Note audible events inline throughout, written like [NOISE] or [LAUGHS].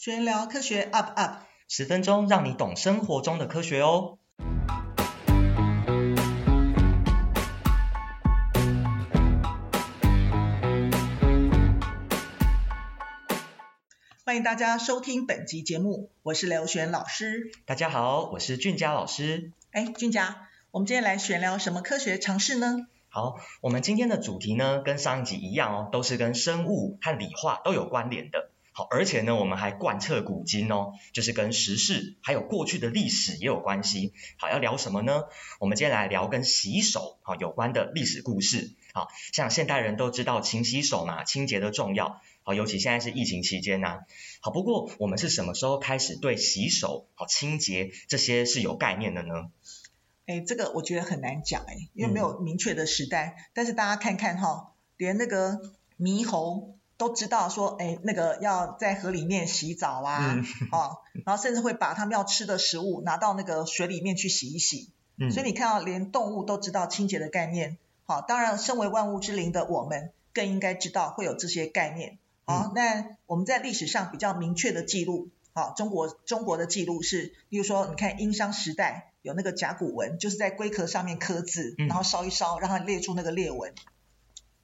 璿聊科學 UP UP，十分鐘讓你懂生活中的科學哦！歡迎大家收聽本集節目，我是劉璿老師。大家好，我是俊佳老師。哎，俊佳，我們今天來璿聊什麼科學常識呢？好，我們今天的主題呢，跟上一集一樣哦，都是跟生物和理化都有關聯的。好，而且呢，我們還貫徹古今哦，就是跟時事還有過去的歷史也有關係。好，要聊什麼呢？我們今天來聊跟洗手有關的歷史故事。好，像現代人都知道勤洗手嘛，清潔的重要。好，尤其現在是疫情期間吶、啊。好，不過我們是什麼時候開始對洗手好清潔這些是有概念的呢？哎、欸，這個我覺得很難講、欸、因為沒有明確的時代。嗯、但是大家看看哈，連那個獼猴。都知道說，哎，那個要在河裡面洗澡啊，嗯、哦，然後甚至會把他們要吃的食物拿到那個水裡面去洗一洗。嗯、所以你看到連動物都知道清潔的概念，好、哦，當然身為萬物之靈的我們更應該知道會有這些概念。好、嗯哦，那我們在歷史上比較明確的記錄，好、哦，中國中國的記錄是，例如說，你看殷商時代有那個甲骨文，就是在龜殼上面刻字，然後燒一燒，讓它裂出那個裂紋。嗯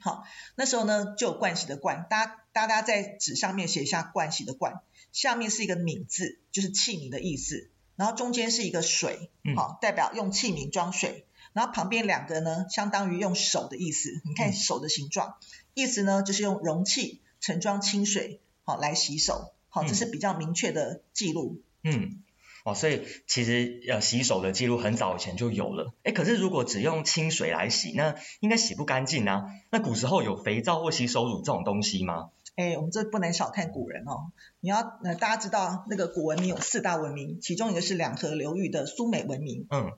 好，那時候呢，就有盥洗的盥，大家大家在紙上面寫下盥洗的盥，下面是一個皿字，就是器皿的意思，然後中間是一個水，好、嗯，代表用器皿裝水，然後旁邊兩個呢，相當於用手的意思，你看手的形狀，嗯、意思呢就是用容器盛裝清水，好來洗手，好，這是比較明確的記錄，嗯。哦，所以其實要洗手的記錄很早以前就有了誒，可是如果只用清水來洗，那應該洗不乾淨啊。那古時候有肥皂或洗手乳這種東西嗎？誒我們這不能小看古人哦。你要，那、呃、大家知道那個古文明有四大文明，其中一個是兩河流域的蘇美文明。嗯。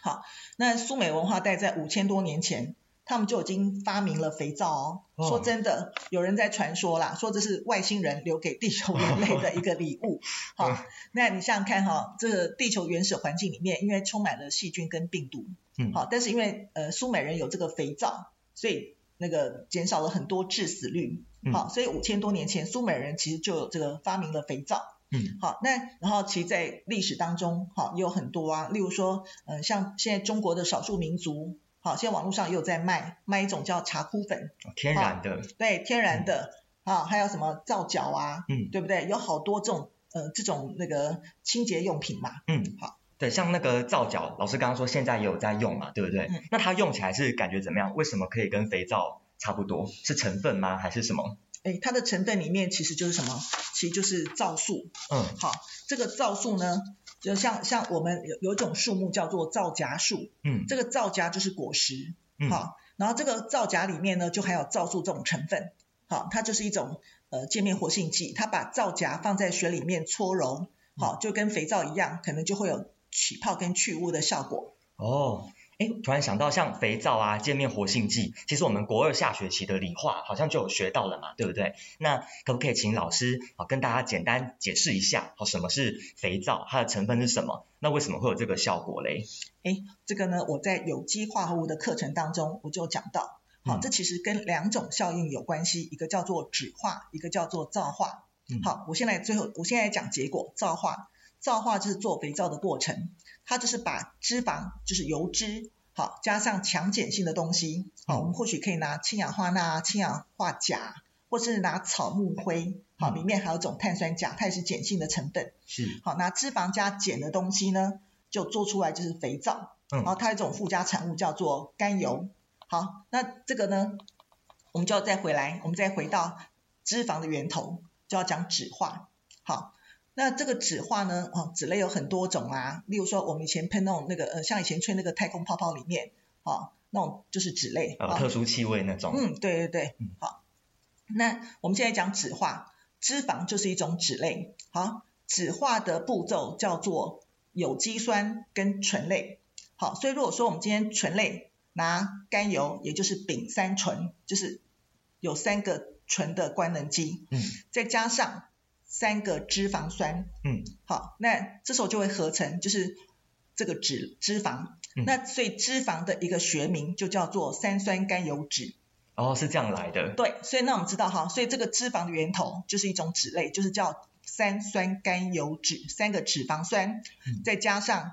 好，那蘇美文化帶在五千多年前。他們就已經發明了肥皂哦。說真的，有人在傳說啦，說這是外星人留給地球人類的一個禮物。好，那你想想看哈，這個地球原始環境裡面，因為充滿了細菌跟病毒。嗯。好，但是因為呃蘇美人有這個肥皂，所以那個減少了很多致死率。嗯。好，所以五千多年前蘇美人其實就有這個發明了肥皂。嗯。好，那然後其實在歷史當中，哈，也有很多啊，例如說嗯、呃、像現在中國的少數民族。好，現在網絡上也有在賣，賣一種叫茶枯粉，天然的，對，天然的，啊、嗯哦，還有什麼皂角啊，嗯，對不對？有好多這種，呃，這種那個清潔用品嘛，嗯，好，對，像那個皂角，老師剛剛說現在也有在用嘛，對不對？嗯、那它用起來是感覺怎麼樣？為什麼可以跟肥皂差不多？是成分嗎？還是什麼？誒，它的成分裡面其實就是什麼？其實就是皂素，嗯，好，這個皂素呢？就像像我們有有一種樹木叫做皂莢樹，嗯，這個皂莢就是果實，嗯，好，然後這個皂莢裡面呢，就含有皂素這種成分，好，它就是一種呃界面活性劑，它把皂莢放在水裡面搓揉，好、嗯，就跟肥皂一樣，可能就會有起泡跟去污的效果。哦。哎，突然想到像肥皂啊，界面活性劑，其實我們國二下學期的理化好像就有學到了嘛，對不對？那可不可以請老師跟大家簡單解釋一下，好，什麼是肥皂，它的成分是什麼？那為什麼會有這個效果嘞？哎，這個呢，我在有機化合物的課程當中我就講到，好、嗯，這其實跟兩種效應有關係，一個叫做酯化，一個叫做皂化。嗯、好，我先來最後，我先來講結果，皂化。皂化就是做肥皂的過程，它就是把脂肪就是油脂，好加上強鹼性的東西，好，我們、嗯、或許可以拿氫氧化鈉、氫氧化鉀，或是拿草木灰，好，嗯、裡面還有一種碳酸鉀，它也是鹼性的成分。是，好，那脂肪加鹼的東西呢，就做出來就是肥皂。嗯，然後它有一種附加產物叫做甘油。好，那這個呢，我們就要再回來，我們再回到脂肪的源頭，就要講酯化。好。那這個酯化呢？啊，酯類有很多種啊，例如說我們以前噴那種那個呃，像以前吹那個太空泡泡裡面，啊、哦，那種就是酯類啊，哦、特殊氣味那種。嗯，對對對，嗯、好。那我們現在講酯化，脂肪就是一種酯類。好，酯化的步驟叫做有機酸跟醇類。好，所以如果說我們今天醇類拿甘油，嗯、也就是丙三醇，就是有三個醇的官能基，嗯，再加上。三個脂肪酸，嗯，好，那這時候就會合成，就是這個脂肪、嗯、脂肪，那所以脂肪的一個學名就叫做三酸甘油酯。哦，是這樣來的。對，所以那我們知道哈，所以這個脂肪的源頭就是一種酯類，就是叫三酸甘油酯，三個脂肪酸，嗯、再加上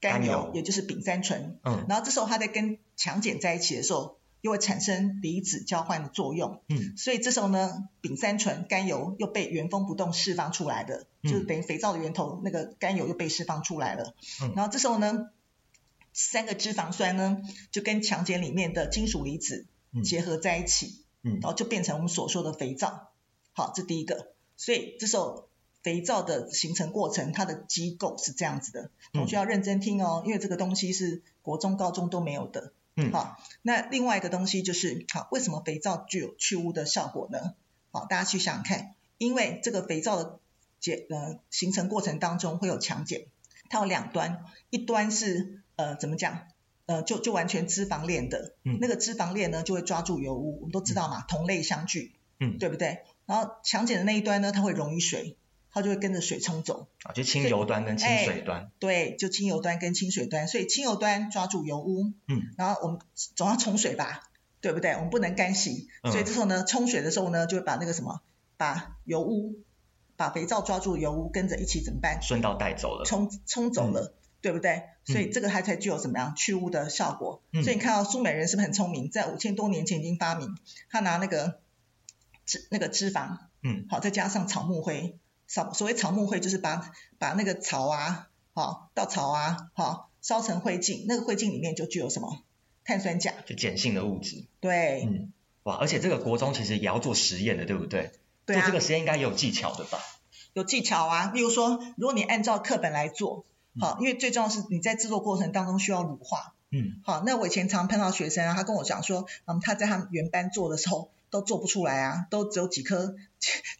甘油，甘油也就是丙三醇，嗯，然後這時候它在跟強鹼在一起的時候。又會產生離子交換的作用，嗯，所以這時候呢，丙三醇、甘油又被原封不動釋放出來的，嗯、就是等於肥皂的源頭那個甘油又被釋放出來了，嗯、然後這時候呢，三個脂肪酸呢就跟強鹼裡面的金屬離子結合在一起，嗯嗯、然後就變成我們所說的肥皂，好，這第一個。所以這時候肥皂的形成過程它的機構是這樣子的，同學要認真聽哦，嗯、因為這個東西是國中、高中都沒有的。嗯，好，那另外一個東西就是，好，為什麼肥皂具有去污的效果呢？好，大家去想想看，因為這個肥皂的結，呃，形成過程當中會有強鹼，它有兩端，一端是呃怎麼講，呃就就完全脂肪鏈的，嗯，那個脂肪鏈呢就會抓住油污，我們都知道嘛，嗯，同類相聚，嗯，對不對？然後強鹼的那一端呢，它會溶於水。它就會跟着水沖走啊，就清油端跟清水端，哎。對，就清油端跟清水端，所以清油端抓住油污，嗯，然後我們總要沖水吧，對不對？我們不能乾洗，嗯、所以這時候呢，沖水的時候呢，就會把那個什麼，把油污，把肥皂抓住油污，跟着一起怎麼辦？順道帶走了，沖沖走了，嗯、對不對？所以這個它才具有什麼樣去污的效果。嗯、所以你看到蘇美人是不是很聰明，在五千多年前已經發明，他拿那個脂那個脂肪，嗯，好，再加上草木灰。草，所謂草木灰就是把把那個草啊，好稻草啊，好、哦、燒成灰燼，那個灰燼裡面就具有什麼碳酸鉀，就鹼性的物質。對，嗯，哇，而且這個國中其實也要做實驗的，對不對？對、啊、做這個實驗應該也有技巧的吧？有技巧啊，例如說，如果你按照課本來做好，嗯、因為最重要是你在制作過程當中需要乳化。嗯，好，那我以前常碰到學生啊，他跟我講說，嗯，他在他們原班做的時候都做不出來啊，都只有幾顆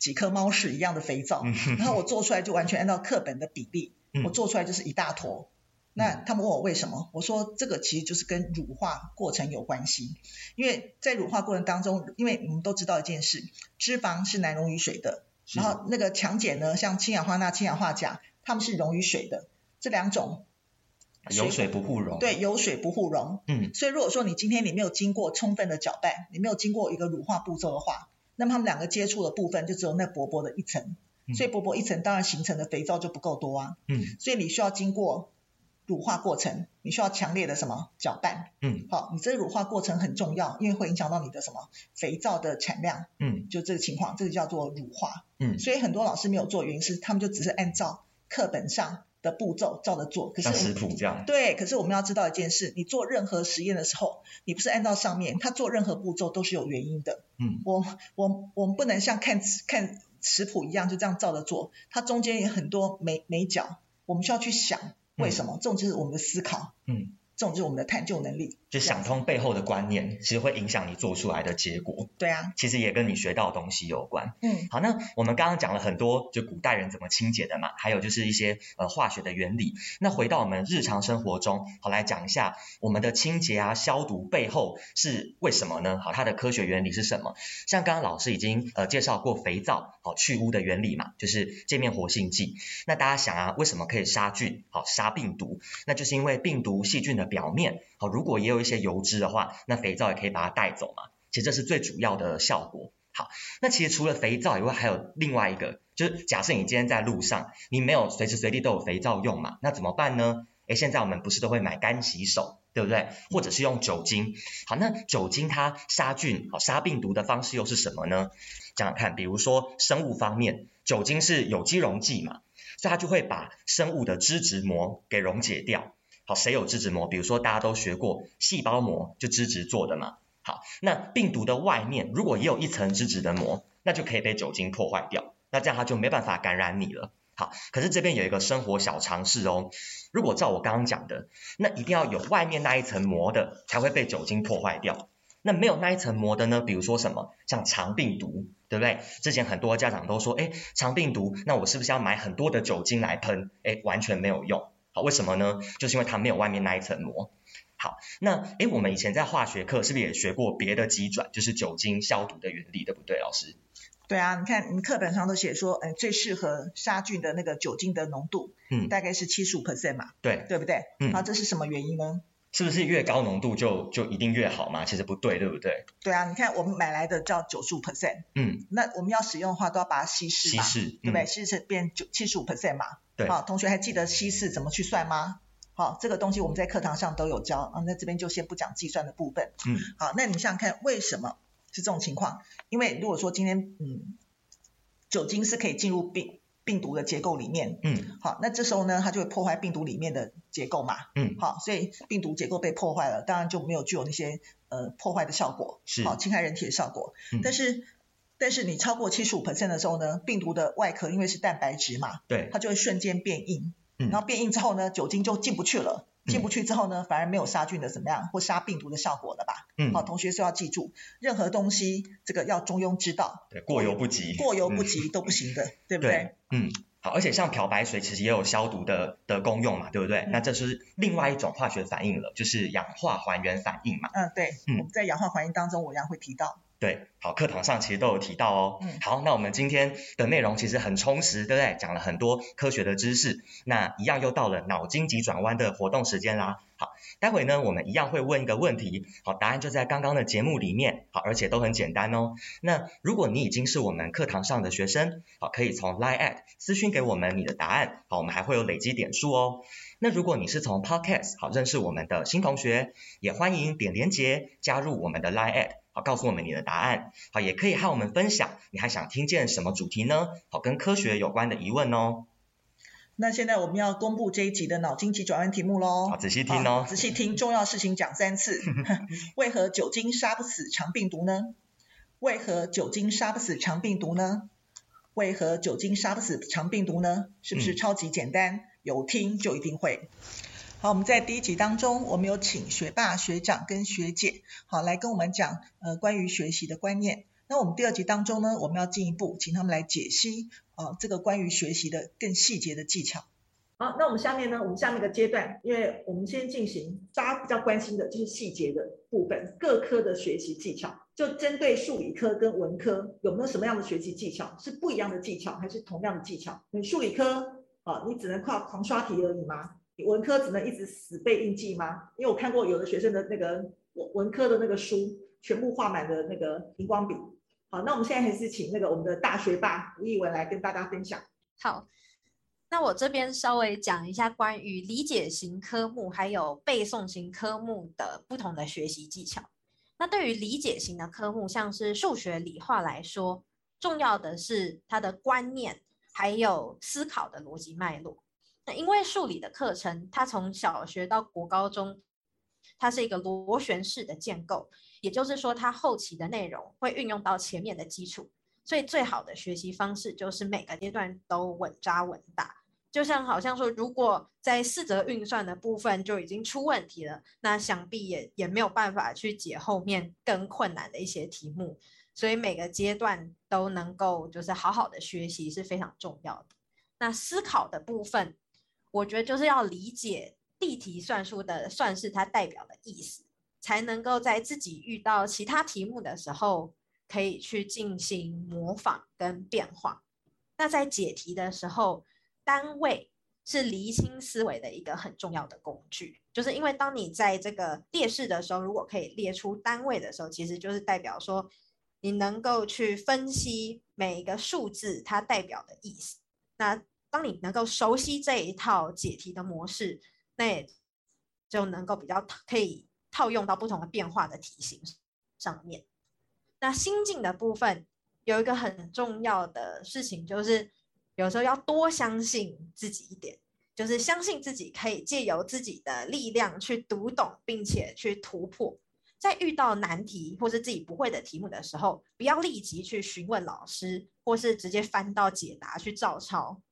幾顆貓屎一樣的肥皂，然後我做出來就完全按照課本的比例，嗯，我做出來就是一大坨。嗯，那他們問我為什麼，我說這個其實就是跟乳化過程有關係，因為在乳化過程當中，因為我們都知道一件事，脂肪是難溶於水的，然後那個強鹼呢，像氫氧化鈉、氫氧化鉀，它們是溶於水的，這兩種。油水不互溶，對，油水不互溶。嗯，所以如果說你今天你沒有經過充分的攪拌，你沒有經過一個乳化步驟的話，那麼它們兩個接觸的部分就只有那薄薄的一層，所以薄薄一層當然形成的肥皂就不夠多啊。嗯，所以你需要經過乳化過程，你需要強烈的什麼？攪拌。嗯，好，你這乳化過程很重要，因為會影響到你的什麼？肥皂的產量。嗯，就這個情況，這個叫做乳化。嗯，所以很多老師沒有做演示，原因是他們就只是按照課本上。的步驟照着做，可是我們，像食譜這樣對。可是我們要知道一件事，你做任何實驗的時候，你不是按照上面，他做任何步驟都是有原因的。嗯，我我我們不能像看看食譜一樣就這樣照着做，它中間有很多眉眉角，我們需要去想為什麼，嗯，這種就是我們的思考，嗯，這種就是我們的探究能力。就想通背後的觀念，其實會影響你做出來的結果。對啊，其實也跟你學到的東西有關。嗯，好，那我們剛剛講了很多，就古代人怎麼清潔的嘛，還有就是一些呃化學的原理。那回到我們日常生活中，好來講一下我們的清潔啊、消毒背後是為什麼呢？好，它的科學原理是什麼？像剛剛老師已經呃介紹過肥皂好去污的原理嘛，就是界面活性劑。那大家想啊，為什麼可以殺菌？好，殺病毒？那就是因為病毒細菌的表面。好，如果也有一些油脂的話，那肥皂也可以把它帶走嘛。其實這是最主要的效果。好，那其實除了肥皂以外，還有另外一個，就是假設你今天在路上，你沒有隨時隨地都有肥皂用嘛，那怎麼辦呢？誒，現在我們不是都會買乾洗手，對不對？或者是用酒精。好，那酒精它殺菌、殺病毒的方式又是什麼呢？講講看，比如說生物方面，酒精是有機溶劑嘛，所以它就會把生物的脂質膜給溶解掉。好，誰有脂質膜？比如說大家都學過細胞膜，就脂質做的嘛。好，那病毒的外面如果也有一層脂質的膜，那就可以被酒精破壞掉。那這樣它就沒辦法感染你了。好，可是這邊有一個生活小常識哦。如果照我剛剛講的，那一定要有外面那一層膜的，才會被酒精破壞掉。那沒有那一層膜的呢？比如說什麼，像腸病毒，對不對？之前很多家長都說，哎、欸，腸病毒，那我是不是要買很多的酒精來噴？哎、欸，完全沒有用。為什麼呢？就是因為它沒有外面那一層膜。好，那誒我們以前在化學課是不是也學過別的機轉？就是酒精消毒的原理，對不對，老師？對啊，你看你課本上都寫說，哎、呃，最適合殺菌的那個酒精的濃度，嗯，大概是七十五 percent 嘛，對，對不對？嗯。然後這是什麼原因呢？是不是越高濃度就就一定越好嗎？其實不對，對不對？對啊，你看我們買來的叫九十五 percent，嗯，那我們要使用的話，都要把它稀釋，稀釋，嗯、對不對？稀釋變九七十五 percent 嘛。對。好、哦，同學還記得稀釋怎麼去算嗎？好、哦，這個東西我們在課堂上都有教啊、哦，那這邊就先不講計算的部分。嗯。好，那你想想看，為什麼是這種情況？因為如果說今天嗯，酒精是可以進入病。病毒的結構裡面，嗯，好，那這時候呢，它就會破壞病毒裡面的結構嘛，嗯，好，所以病毒結構被破壞了，當然就沒有具有那些呃破壞的效果，是，好侵害人體的效果。嗯，但是但是你超過七十五 percent 的時候呢，病毒的外殼因為是蛋白質嘛，對，它就會瞬間變硬。嗯、然後變硬之後呢，酒精就進不去了。進不去之後呢，反而沒有殺菌的怎麼樣，或殺病毒的效果了吧？嗯。好，同學說要記住，任何東西這個要中庸之道。對，過猶不及。過猶不及都不行的，嗯、對不對？對。嗯，好。而且像漂白水其實也有消毒的的功用嘛，對不對？嗯、那這是另外一種化學反應了，就是氧化還原反應嘛。嗯，對。嗯，我們在氧化還原當中，我一樣會提到。對，好，課堂上其實都有提到哦。嗯，好，那我們今天的內容其實很充實，對不對？講了很多科學的知識。那一樣又到了腦筋急轉彎的活動時間啦。好，待會呢，我們一樣會問一個問題。好，答案就在剛剛的節目裡面。好，而且都很簡單哦。那如果你已經是我們課堂上的學生，好，可以從 Line at 私訊給我們你的答案。好，我們還會有累積點數哦。那如果你是從 Podcast 好認識我們的新同學，也歡迎點連結加入我們的 Line at。好，告訴我們你的答案。好，也可以和我們分享，你還想聽見什麼主題呢？好，跟科學有關的疑問哦。那現在我們要公布這一集的腦筋急轉彎題目嘍。好，仔細聽哦。仔細聽，重要事情講三次。 [LAUGHS] 為何酒精殺不死腸病毒呢？為何酒精殺不死腸病毒呢？為何酒精殺不死腸病毒呢？是不是超級簡單？嗯、有聽就一定會。好，我們在第一集當中，我們有請學霸學長跟學姐，好來跟我們講，呃，關於學習的觀念。那我們第二集當中呢，我們要進一步請他們來解析，啊，這個關於學習的更細節的技巧。好，那我們下面呢，我們下面一個階段，因為我們先進行大家比較關心的就是細節的部分，各科的學習技巧，就針對數理科跟文科有沒有什麼樣的學習技巧是不一樣的技巧，還是同樣的技巧？你數理科，啊，你只能靠狂刷題而已嗎？文科只能一直死背硬記嗎？因為我看過有的學生的那個文文科的那個書，全部畫滿了那個熒光筆好，那我們現在還是請那個我們的大學霸吳亦文來跟大家分享。好，那我這邊稍微講一下關於理解型科目還有背誦型科目的不同的學習技巧。那對於理解型的科目，像是數學、理化來說，重要的是它的觀念還有思考的邏輯脈絡。因為數理的課程，它從小學到國高中，它是一個螺旋式的建構，也就是說，它後期的內容會運用到前面的基礎，所以最好的學習方式就是每個階段都穩紮穩打。就像好像說，如果在四則運算的部分就已經出問題了，那想必也也沒有辦法去解後面更困難的一些題目。所以每個階段都能夠就是好好的學習是非常重要的。那思考的部分，我覺得就是要理解例題算術的算式，它代表的意思，才能夠在自己遇到其他題目的時候可以去進行模仿跟變化。那在解題的時候，單位是釐清思維的一個很重要的工具，就是因為當你在這個列式的時候，如果可以列出單位的時候，其實就是代表說你能夠去分析每一個數字它代表的意思。那當你能夠熟悉這一套解題的模式，那也就能夠比較可以套用到不同的變化的題型上面。那心境的部分有一個很重要的事情，就是有時候要多相信自己一點，就是相信自己可以借由自己的力量去讀懂，並且去突破。在遇到難題或是自己不會的題目的時候，不要立即去詢問老師，或是直接翻到解答去照抄。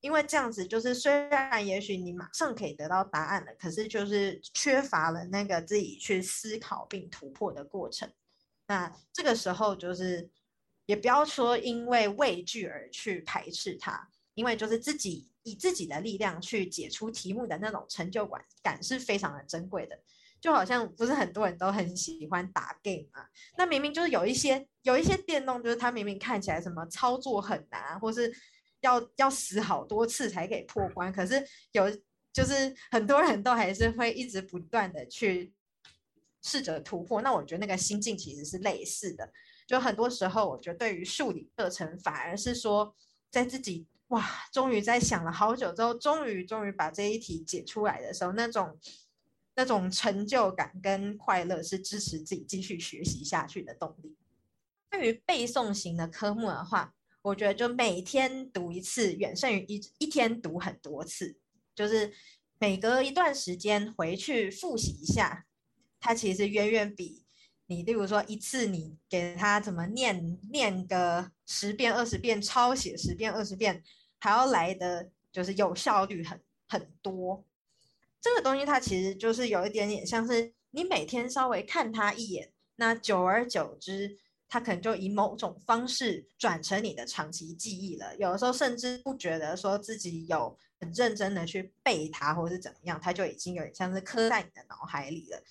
因為這樣子就是，雖然也許你馬上可以得到答案了，可是就是缺乏了那個自己去思考並突破的過程。那這個時候就是，也不要說因為畏懼而去排斥它，因為就是自己以自己的力量去解出題目的那種成就感感是非常的珍貴的。就好像不是很多人都很喜歡打 game 嗎？那明明就是有一些有一些電動，就是它明明看起來什麼操作很難，或是，要要死好多次才可以破關，可是有就是很多人都還是會一直不斷的去試着突破。那我覺得那個心境其實是類似的。就很多時候，我覺得對於數理課程，反而是說，在自己哇，終於在想了好久之後，終於終於把這一題解出來的時候，那種那種成就感跟快樂，是支持自己繼續學習下去的動力。嗯、對於背誦型的科目的話，我覺得就每天讀一次，遠勝於一一天讀很多次。就是每隔一段時間回去複習一下，它其實遠遠比你，例如說一次你給它怎麼念念個十遍二十遍，抄寫十遍二十遍，還要來的就是有效率很很多。這個東西它其實就是有一點點像是你每天稍微看它一眼，那久而久之。他可能就以某種方式轉成你的長期記憶了，有的時候甚至不覺得說自己有很認真的去背它，或是怎麼樣，它就已經有點像是刻在你的腦海裡了。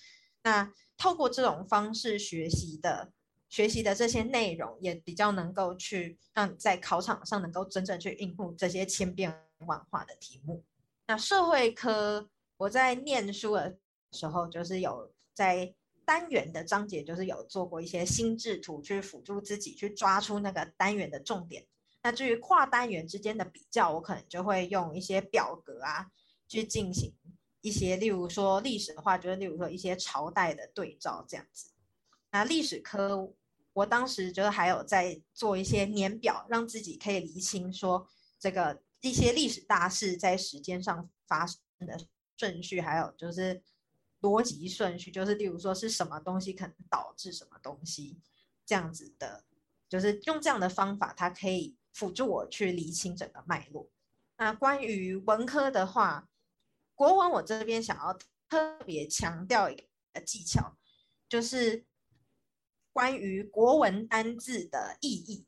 那透過這種方式學習的、學習的這些內容，也比較能夠去讓你在考場上能夠真正去應付這些千變萬化的題目。那社會科，我在念書的時候就是有在，單元的章節就是有做過一些心智圖去輔助自己去抓出那個單元的重點。那至於跨單元之間的比較，我可能就會用一些表格啊去進行一些，例如說歷史的話，就是例如說一些朝代的對照這樣子。那歷史科我當時就還有在做一些年表，讓自己可以釐清說這個一些歷史大事在時間上發生的順序，還有就是。邏輯順序就是，例如說是什麼東西可能導致什麼東西，這樣子的，就是用這樣的方法，它可以輔助我去理清整個脈絡。那關於文科的話，國文我這邊想要特別強調一個技巧，就是關於國文單字的意義，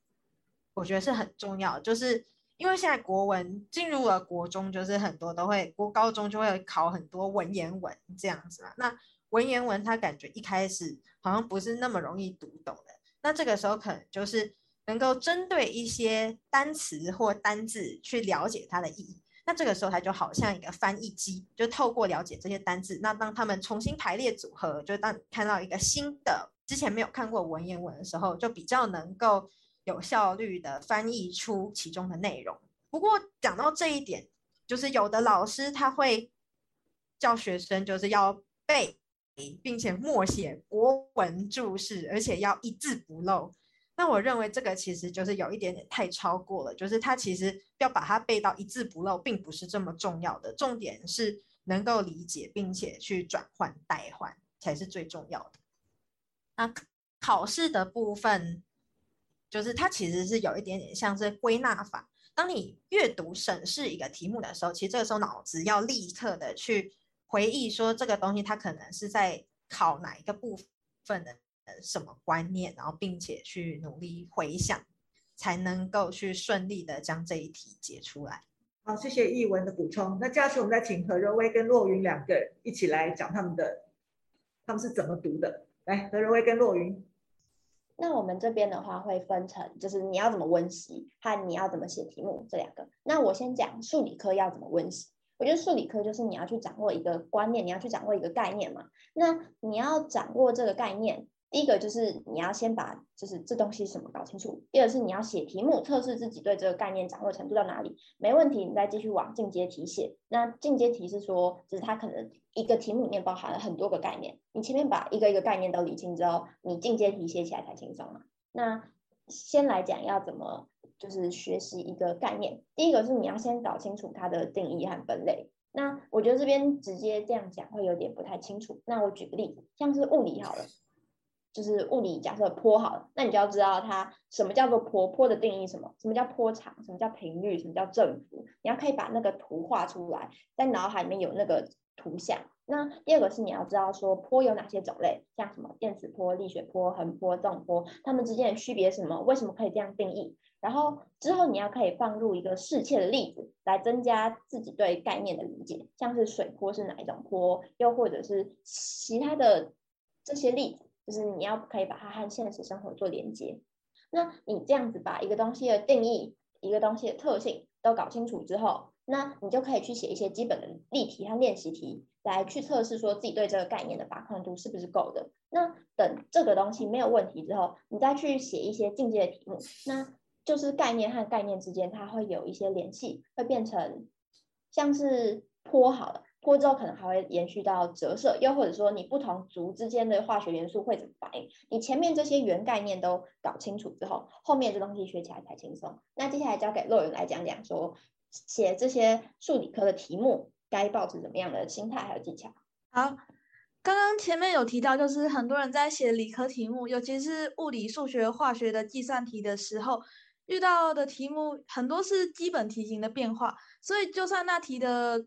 我覺得是很重要，就是。因為現在國文進入了國中，就是很多都會，國高中就會考很多文言文這樣子嘛。那文言文，它感覺一開始好像不是那麼容易讀懂的。那這個時候，可能就是能夠針對一些單詞或單字去了解它的意義。那這個時候，它就好像一個翻譯機，就透過了解這些單字，那當他們重新排列組合，就當看到一個新的之前沒有看過文言文的時候，就比較能夠。有效率的翻譯出其中的內容。不過講到這一點，就是有的老師他會教學生就是要背，並且默寫國文注釋，而且要一字不漏。那我認為這個其實就是有一點點太超過了，就是他其實要把它背到一字不漏，並不是這麼重要的。重點是能夠理解，並且去轉換代換才是最重要的。那考試的部分。就是它其實是有一點點像是歸納法。當你閱讀審視一個題目的時候，其實這個時候腦子要立刻的去回憶說，這個東西它可能是在考哪一個部分的什麼觀念，然後並且去努力回想，才能夠去順利的將這一題解出來。好，謝謝藝文的補充。那接下來我們再請何仁威跟駱云兩個人一起來講他們的他們是怎麼讀的。來，何仁威跟駱云。那我們這邊的話會分成，就是你要怎麼溫習和你要怎麼寫題目這兩個。那我先講數理科要怎麼溫習，我覺得數理科就是你要去掌握一個觀念，你要去掌握一個概念嘛。那你要掌握這個概念。第一個就是你要先把，就是這東西什麼搞清楚。第二個是你要寫題目，測試自己對這個概念掌握程度到哪裡，沒問題，你再繼續往進階題寫。那進階題是說，就是它可能一個題目裡面包含了很多個概念，你前面把一個一個概念都理清之後，你進階題寫起來才輕鬆嘛。那先來講要怎麼就是學習一個概念，第一個是你要先搞清楚它的定義和分類。那我覺得這邊直接這樣講會有點不太清楚。那我舉個例子，像是物理好了。就是物理假設波，好，那你就要知道它什麼叫做波，波的定義什，什麼什麼叫波長，什麼叫頻率，什麼叫振幅。你要可以把那個圖畫出來，在腦海裡面有那個圖像。那第二個是你要知道說波有哪些種類，像什麼電磁波、力學波、橫波、縱波，它們之間的區別什麼，為什麼可以這樣定義。然後之後你要可以放入一個適切的例子來增加自己對概念的理解，像是水波是哪一種波，又或者是其他的這些例子。就是你要可以把它和現實生活做連接，那你這樣子把一個東西的定義、一個東西的特性都搞清楚之後，那你就可以去寫一些基本的例題和練習題來去測試說自己對這個概念的把控度是不是夠的。那等這個東西沒有問題之後，你再去寫一些進階的題目，那就是概念和概念之間它會有一些聯繫，會變成像是坡好了。或之後可能還會延續到折射，又或者說你不同族之間的化學元素會怎麼反應？你前面這些原概念都搞清楚之後，後面這東西學起來才輕鬆。那接下來交給洛云來講講說，說寫這些數理科的題目該抱持怎麼樣的心態，還有技巧。好，剛剛前面有提到，就是很多人在寫理科題目，尤其是物理、數學、化學的計算題的時候，遇到的題目很多是基本題型的變化，所以就算那題的。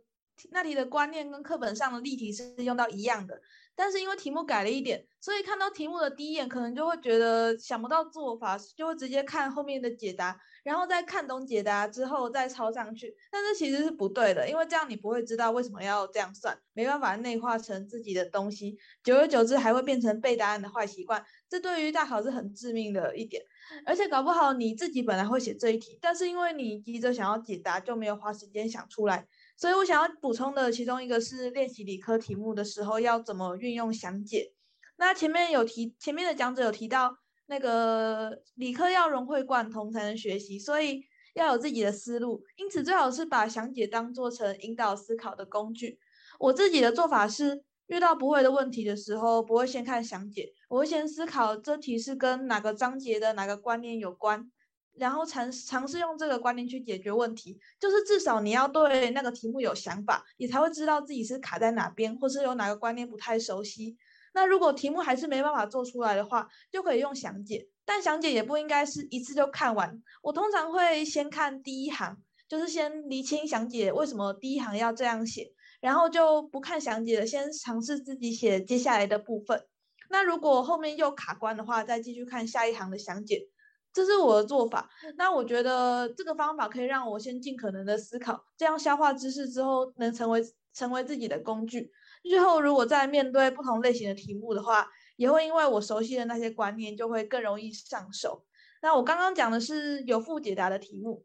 那題的觀念跟課本上的例題是用到一樣的，但是因為題目改了一點，所以看到題目的第一眼可能就會覺得想不到做法，就會直接看後面的解答，然後再看懂解答之後再抄上去。但是其實是不對的，因為這樣你不會知道為什麼要這樣算，沒辦法內化成自己的東西，久而久之還會變成背答案的壞習慣，這對於大考是很致命的一點。而且搞不好你自己本來會寫這一題，但是因為你急着想要解答，就沒有花時間想出來。所以我想要補充的其中一個是練習理科題目的時候要怎麼運用詳解。那前面有提，前面的講者有提到那個理科要融會貫通才能學習，所以要有自己的思路。因此最好是把詳解當做成引導思考的工具。我自己的做法是，遇到不會的問題的時候，不會先看詳解，我會先思考這題是跟哪個章節的哪個觀念有關。然後嘗嘗試用這個觀念去解決問題，就是至少你要對那個題目有想法，你才會知道自己是卡在哪邊，或是有哪個觀念不太熟悉。那如果題目還是沒辦法做出來的話，就可以用詳解，但詳解也不應該是一次就看完。我通常會先看第一行，就是先釐清詳解為什麼第一行要這樣寫，然後就不看詳解了，先嘗試自己寫接下來的部分。那如果後面又卡關的話，再繼續看下一行的詳解。這是我的做法，那我覺得這個方法可以讓我先盡可能的思考，這樣消化知識之後，能成為成為自己的工具。日後如果再面對不同類型的題目的話，也會因為我熟悉的那些觀念，就會更容易上手。那我剛剛講的是有附解答的題目，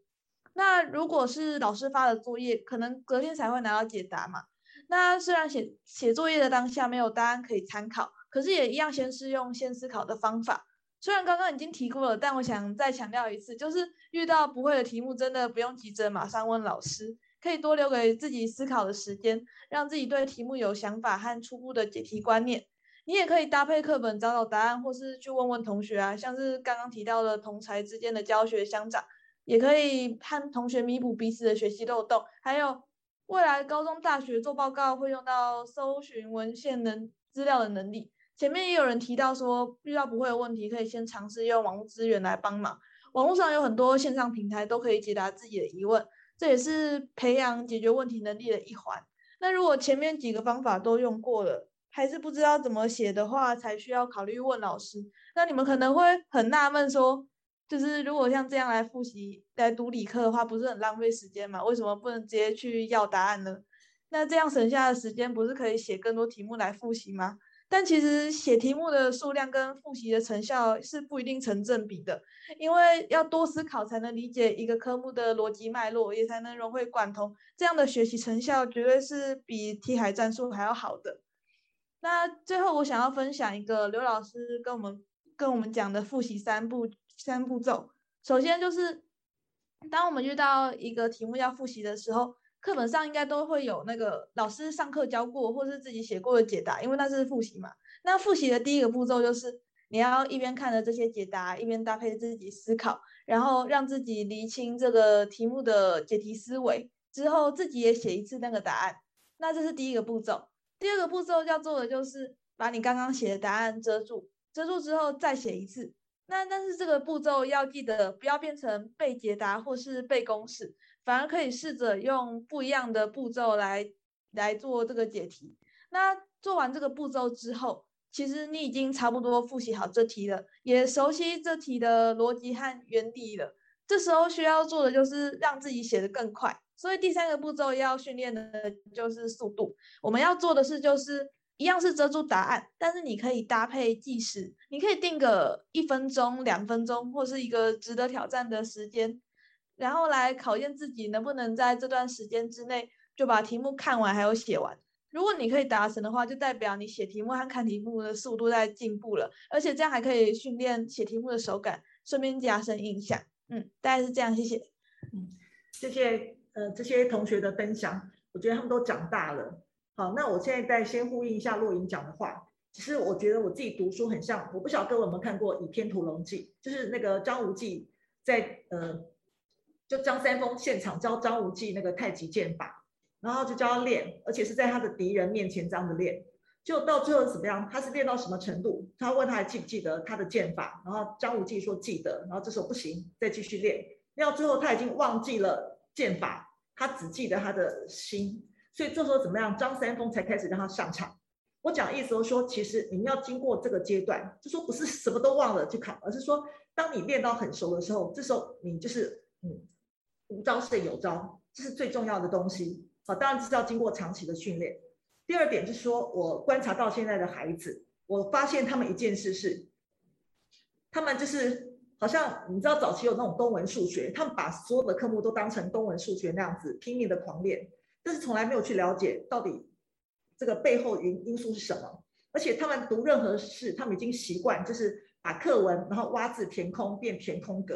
那如果是老師發的作業，可能隔天才會拿到解答嘛。那雖然寫寫作業的當下沒有答案可以參考，可是也一樣，先使用先思考的方法。雖然剛剛已經提過了，但我想再強調一次，就是遇到不會的題目，真的不用急着馬上問老師，可以多留給自己思考的時間，讓自己對題目有想法和初步的解題觀念。你也可以搭配課本找找答案，或是去問問同學啊。像是剛剛提到的同儕之間的教學相長，也可以和同學彌補彼此的學習漏洞。還有未來高中大學做報告會用到搜尋文獻能資料的能力。前面也有人提到說，遇到不會的問題，可以先嘗試用網絡資源來幫忙。網絡上有很多線上平台都可以解答自己的疑問，這也是培養解決問題能力的一環。那如果前面幾個方法都用過了，還是不知道怎麼寫的話，才需要考慮問老師。那你們可能會很納悶說，就是如果像這樣來複習、來讀理科的話，不是很浪費時間嗎？為什麼不能直接去要答案呢？那這樣省下的時間不是可以寫更多題目來複習嗎？但其實寫題目的數量跟複習的成效是不一定成正比的，因為要多思考才能理解一個科目的邏輯脈絡，也才能融會貫通。這樣的學習成效絕對是比題海戰術還要好的。那最後我想要分享一個劉老師跟我們跟我們講的複習三步三步驟，首先就是當我們遇到一個題目要複習的時候。課本上應該都會有那個老師上課教過，或是自己寫過的解答，因為那是複習嘛。那複習的第一個步驟就是你要一邊看着這些解答，一邊搭配自己思考，然後讓自己釐清這個題目的解題思維，之後自己也寫一次那個答案。那這是第一個步驟。第二個步驟要做的就是把你剛剛寫的答案遮住，遮住之後再寫一次。那但是這個步驟要記得不要變成背解答或是背公式。反而可以試着用不一樣的步驟來來做這個解題。那做完這個步驟之後，其實你已經差不多複習好這題了，也熟悉這題的邏輯和原理了。這時候需要做的就是讓自己寫得更快。所以第三個步驟要訓練的就是速度。我們要做的事就是一樣是遮住答案，但是你可以搭配計時，你可以定個一分鐘、兩分鐘，或是一個值得挑戰的時間。然後來考驗自己能不能在這段時間之內就把題目看完還有寫完。如果你可以達成的話，就代表你寫題目和看題目的速度在進步了，而且這樣還可以訓練寫題目的手感，順便加深印象。嗯，大概是這樣。謝謝，嗯，謝謝，呃，這些同學的分享，我覺得他們都長大了。好，那我現在再先呼應一下洛穎講的話，其實我覺得我自己讀書很像，我不曉得各位有沒有看過《倚天屠龍記》，就是那個張無忌在呃。就張三丰現場教張無忌那個太極劍法，然後就教他練，而且是在他的敵人面前這樣子練。就到最後怎麼樣？他是練到什麼程度？他問他還記不記得他的劍法？然後張無忌說記得。然後這時候不行，再繼續練。練到最後他已經忘記了劍法，他只記得他的心。所以這時候怎麼樣？張三丰才開始讓他上場。我講意思就是說，其實你們要經過這個階段，就說不是什麼都忘了去看，而是說當你練到很熟的時候，這時候你就是嗯。無招勝有招，這是最重要的東西。好，當然這是要經過長期的訓練。第二點就是說，我觀察到現在的孩子，我發現他們一件事是，他們就是好像你知道，早期有那種公文數學，他們把所有的科目都當成公文數學那樣子拼命的狂練，但是從來沒有去了解到底這個背後因因素是什麼。而且他們讀任何事，他們已經習慣就是把課文然後挖字填空變填空格，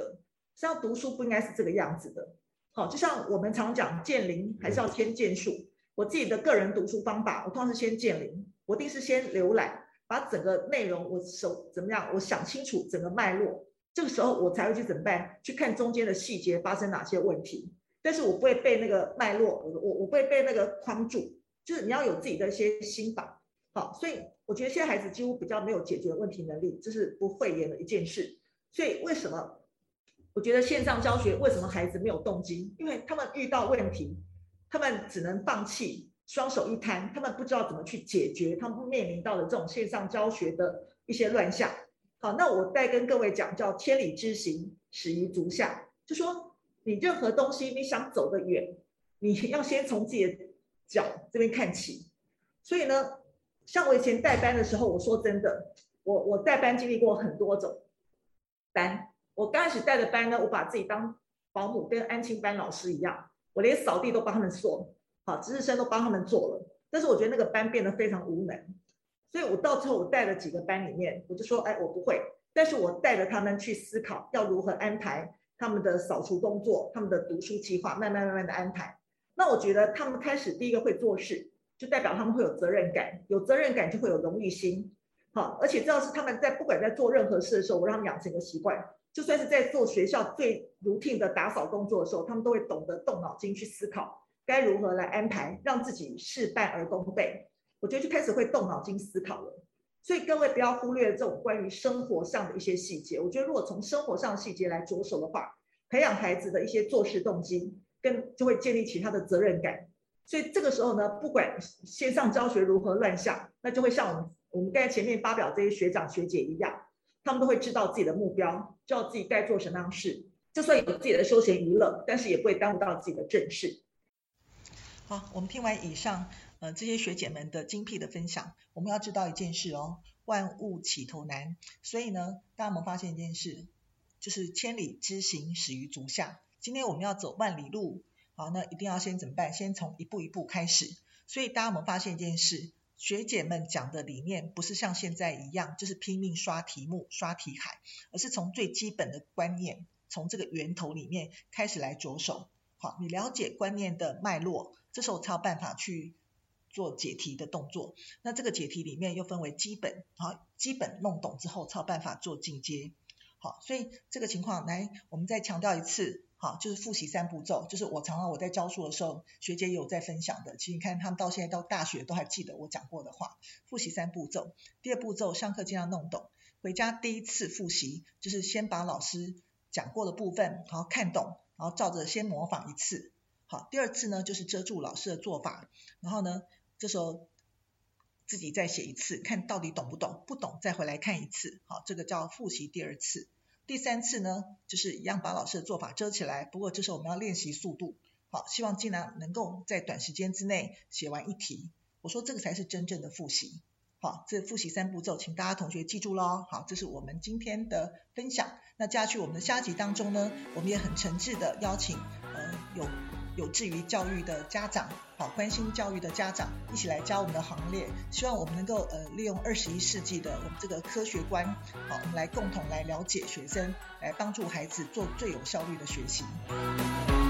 實際上讀書不應該是這個樣子的。好，就像我們常講見林，見林還是要先見樹。我自己的個人讀書方法，我通常是先見林，我定是先瀏覽，把整個內容我手怎麼樣，我想清楚整個脈絡，這個時候我才會去怎麼辦，去看中間的細節發生哪些問題。但是我不會被那個脈絡，我我我不會被那個框住，就是你要有自己的一些心法。好，所以我覺得現在孩子幾乎比較沒有解決問題能力，這、就是不諱言的一件事。所以為什麼？我覺得線上教學為什麼孩子沒有動機？因為他們遇到問題，他們只能放棄，雙手一攤，他們不知道怎麼去解決，他們面臨到的這種線上教學的一些亂象。好，那我再跟各位講，叫千里之行，始於足下。就說你任何東西，你想走得遠，你要先從自己的腳這邊看起。所以呢，像我以前帶班的時候，我說真的，我我帶班經歷過很多種班。我剛開始帶的班呢，我把自己當保姆，跟安親班老師一樣，我連掃地都幫他們做，好，值日生都幫他們做了。但是我覺得那個班變得非常無能，所以我到最後我帶了幾個班裡面，我就說，哎，我不會。但是我帶着他們去思考，要如何安排他們的掃除工作，他們的讀書計劃，慢慢慢慢的安排。那我覺得他們開始第一個會做事，就代表他們會有責任感，有責任感就會有榮譽心，好，而且這要是他們在不管在做任何事的時候，我讓他們養成一個習慣。就算是在做學校最 routine 的打掃工作的時候，他們都會懂得動腦筋去思考，該如何來安排，讓自己事半而功倍。我覺得就開始會動腦筋思考了。所以各位不要忽略這種關於生活上的一些細節。我覺得如果從生活上的細節來着手的話，培養孩子的一些做事動機，跟就會建立起他的責任感。所以這個時候呢，不管線上教學如何亂象，那就會像我們我們剛才前面發表這些學長學姐一樣。他們都會知道自己的目標，知道自己該做什麼樣的事。就算有自己的休閒娛樂，但是也不會耽誤到自己的正事。好，我們聽完以上呃這些學姐們的精闢的分享，我們要知道一件事哦，萬物起頭難。所以呢，大家有沒有發現一件事，就是千里之行，始於足下。今天我們要走萬里路，好，那一定要先怎麼辦？先從一步一步開始。所以大家有沒有發現一件事。學姐們講的理念不是像現在一樣，就是拼命刷題目、刷題海，而是從最基本的觀念，從這個源頭裡面開始來着手。好，你了解觀念的脈絡，這時候才有辦法去做解題的動作。那這個解題裡面又分為基本，好，基本弄懂之後才有辦法做進階。好，所以這個情況來，我們再強調一次。好，就是複習三步驟，就是我常常我在教書的時候，學姐也有在分享的。其實你看他們到現在到大學都還記得我講過的話。複習三步驟，第二步驟，上課盡量弄懂，回家第一次複習就是先把老師講過的部分，然後看懂，然後照着先模仿一次。好，第二次呢，就是遮住老師的做法，然後呢這時候自己再寫一次，看到底懂不懂，不懂再回來看一次。好，這個叫複習第二次。第三次呢，就是一樣把老師的做法遮起來。不過，這時候我們要練習速度，好，希望盡量能夠在短時間之內寫完一題。我說這個才是真正的複習，好，這複習三步驟，請大家同學記住嘍。好，這是我們今天的分享。那接下去我們的下集當中呢，我們也很誠摯的邀請，呃，有。有志於教育的家長，好，關心教育的家長，一起來加入我們的行列。希望我們能夠，呃，利用二十一世紀的我們這個科學觀，好，我們來共同來了解學生，來幫助孩子做最有效率的學習。